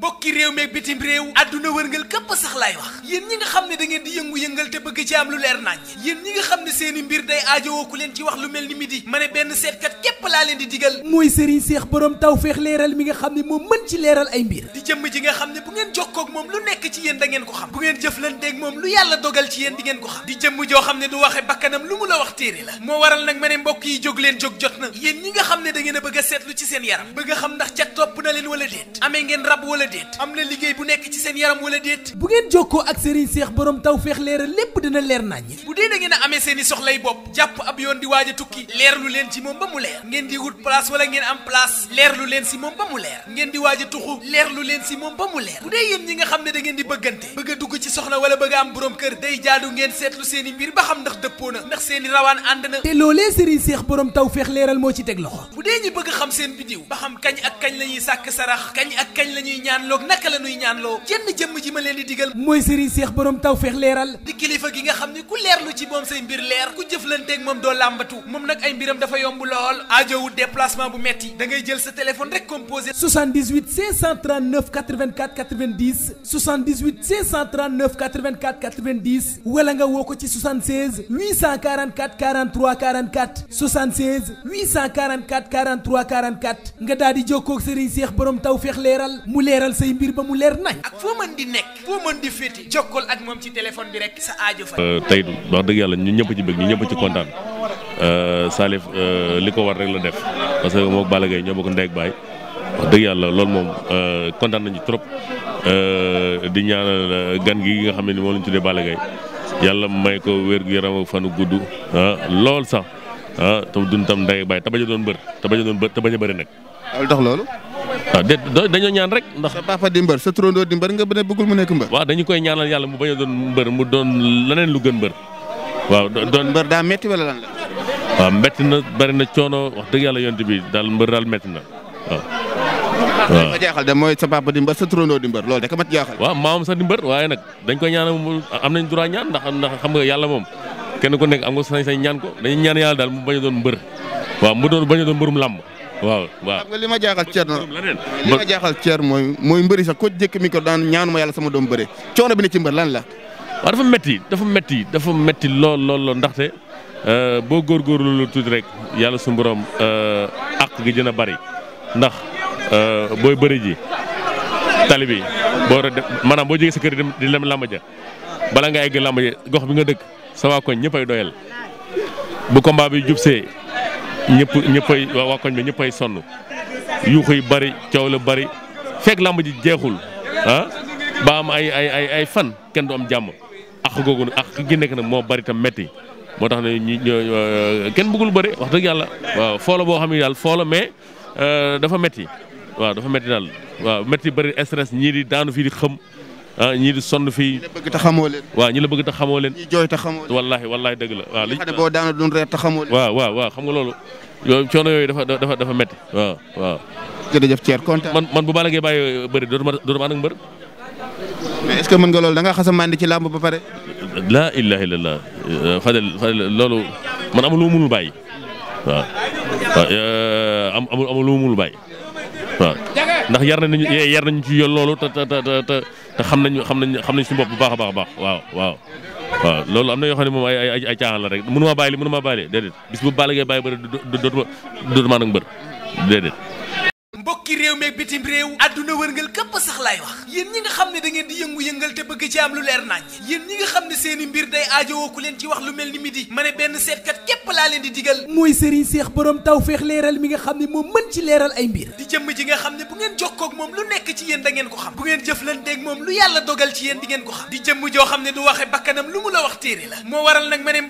mbokk bokki réew meeg bitim réew adduna wërngal këpp sax laay wax yéen ñi nga xam ne da ngeen di yëngu-yëngal te bëgg ci am lu leer nañ yéen ñi nga xam ne seeni mbir day aajowoo ku leen ci wax lu mel ni midi ma ne benn seetkat képp laa leen di digal mooy sëriñ seex borom tawfeex leeral mi nga xam ne moom mën ci leeral ay mbir di jëm ji nga xam ne bu ngeen jokkoo ak moom lu nekk ci yéen da ngeen ko xam bu ngeen jëflanteeg moom lu yàlla dogal ci yéen di ngeen ko xam di jëmm joo xam ne du waxe bakkanam lu mu la wax téere la moo waral nag ma ne mbokk yi jóg leen jóg jot na yéen ñi nga xam ne da ngeen a ci seen yaram bëgg xam ndax ca topp na wala déet amee ngeen rab wala déet am na liggéey bu nekk ci seen yaram wala déet bu ngeen jokkoo ak Serigne Seex borom tawfeex leeral lépp dina leer naññ bu dee da ngeen a amee seeni soxlay bopp jàpp ab yoon di waaj tukki leerlu leen ci moom ba mu leer ngeen di wut place wala ngeen am place leen si moom ba mu ngeen di waaj a tuxu leer leen si moom ba mu leer bu dee yéen ñi nga xam ne da ngeen di bëggante bëgg a dugg ci soxla wala bëgg a am borom kër day jaadu ngeen seetlu seen i mbir ba xam ndax dëppoo na ndax seeni rawaan ànd na te loolee Serigne Seex borom tawfeex leeral moo ci teg bu dee ñi bëgg xam seen bidiw ba xam kañ ak kañ la ñuy sàkk sarax kañ ak kañ la ñuy ñaanloog naka la ñuy ñaanloo jenn jëmm ji ma leen di digal mooy sëriñ seex boroom tawfeex leeral di kilifa gi nga xam ni ku leerlu ci moom say mbir leer ku jëflanteeg moom doo làmbatu moom nag ay mbiram dafa yomb lool aajowul déplacement bu metti da ngay jël sa téléphone rek composé 78 539 84 90 78 539 84 90 wala nga woo ko ci 76 844 43 44 76 844 43 44 nga daal di jokkoo ak seex boroom borom taw feex leeral mu leeral say mbir ba mu leer nañ. ak foo mën di nekk foo mën di féete jokkoo ak moom ci téléphone bi rek sa aajo fa. Euh, tey wax dëgg yàlla ñun ñëpp ci bëgg ñun ñëpp ci kontaan euh, Salif euh, li ko war rek la def parce que moom Balla Gaye ñoo bokk baay wax dëgg yàlla loolu moom kontaan nañu trop di ñaanal gan gi nga xam ne moom la ñu tuddee Balla Gaye yàlla may ko wér gu yaram ak fanu gudd ah lool sax. ah te duñ tam ndey bàyyi te a doon mbër te bañ a doon bër te a bëri nag. Ah, lu tax loolu. Ah, dañoo ñaan rek ndax. sa papa di mbër sa turandoo di mbër nga ne bëggul mu nekk mbër. waaw dañu koy ñaanal yàlla mu bañ a doon mbër mu doon leneen lu gën mbër. waaw doon mbër daa metti wala lan la. waaw na bari na coono wax dëgg yàlla yonent bi daal mbër daal métti na waaw. waaw mooy sa papa di mbër sa turandoo di mbër loolu de ka mat jaaxal. waaw sax di mbër waaye nag dañ koy ñaana am nañ droit ñaan ndax ndax xam nga yàlla moom kenn ko nekk am nga sañ-sañ ñaan ko dañuy ñaan yàlla daal mu bañ a doon mbër waaw mu doon bañ a doon mbërum làmb waaw waaw xam nga li ma jaaxal Thierno li ma jaaxal Thierno mooy mooy mbëri sax ko jëkk mi daan ñaanu ma yàlla sama doom bëre coono bi ne ci mbër lan la waaw dafa metti dafa metti dafa metti lool lool lool ndaxte euh, boo góorgóorlu lu tuuti rek yàlla su borom euh, àq gi dina bari ndax euh, booy bëri ji tali bi boo maanaam boo jógee sa kër di dem làmb ja bala nga egg làmb gox bi nga dëkk sama koñ ñëppay doyal bu combat bi jubsee ñëpp ñëppay waa koñ bi ñëppay sonn yuuxu yi bari coow la bari fekk làmb ji jeexul ah ba am ay ay ay ay fan kenn du am jàmm ak googu ak gi nekk na moo bari tam metti moo tax ne ñi euh, kenn bëggul bëri wax dëgg yàlla waaw foola boo xam ne daal foola mais euh, dafa metti waaw dafa metti daal waaw metti bëri stress ñii di daanu fii di xëm ah ñii di sonn fii. ñi la bëgg te xamoo leen. waaw ñi la bëgg te xamoo leen. ñi jooy te xamoo leen. wallaahi wallaahi dëgg la waaw. li xade boo daana doon reer te xamoo leen. waaw waaw waaw xam nga loolu. yooyu coono yooyu dafa dafa dafa métti. waaw waaw. jërëjëf Thier kontaan. man man bu Balla Gaye bàyyi bëri dootuma dootuma ànd ak mbër. mais est-ce que mën nga loolu da ngaa xas ci làmb ba pare. laa ilaaha illallaah euh, Fadel loolu man amul lu mu mënul bàyyi waaw euh, lu mu waaw ndax yar nañu ci yoon loolu te xam na xam nañ xam nañ suñu bopp bu baax a baax a baax waaw waaw waaw loolu am na yoo xam ne moom ay ay la rek mënu maa bàyyi li mënu maa bàyyi déedéet bis bu bàllagee bàyyi bëri dootuma dootuma nag mbër déedéet mbokki réew meeg bitim réew àdduna wërngal képp sax laay wax yéen ñi nga xam ne da ngeen di yëngu-yëngal te bëgg ci am lu leer nañ yéen ñi nga xam ne seeni mbir day aajowoo ku leen ci wax lu mel ni midi ma ne benn seetkat képp laa leen di digal mooy sëriñ seex borom tawfeex leeral mi nga xam ne moom mën ci leeral ay mbir di jëmm ji nga xam ne bu ngeen jokkoo ak moom lu nekk ci yéen da ngeen ko xam bu ngeen jëflanteeg moom lu yàlla dogal ci yéen di ngeen ko xam di jëmm joo xam ne du waxe bakkanam lu mu la wax téere la moo waral nag ma ne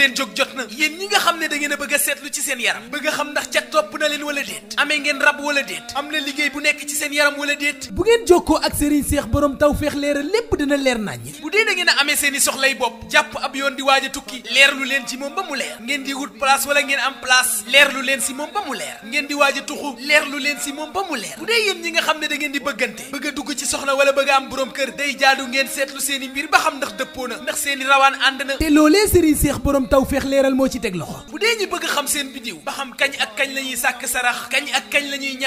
leen jóg jot na yéen ñi nga xam ne da ngeen a ci seen yaram bëgg xam ndax ca topp na leen wala déet amee wala déet am na liggéey bu nekk ci seen yaram wala déet bu ngeen jokkoo ak Serigne Seex borom taw feex leeral lépp dina leer naññ bu dee da ngeen amee seen i soxlay bopp jàpp ab yoon di waaj a tukki leerlu leen ci moom ba mu leer ngeen di wut place wala ngeen am place leerlu leen si moom ba mu leer ngeen di waaj a tuxu leerlu leen si moom ba mu leer bu dee yéen ñi nga xam ne da di bëggante bëgg a dugg ci soxna wala bëgg a am borom kër day jaadu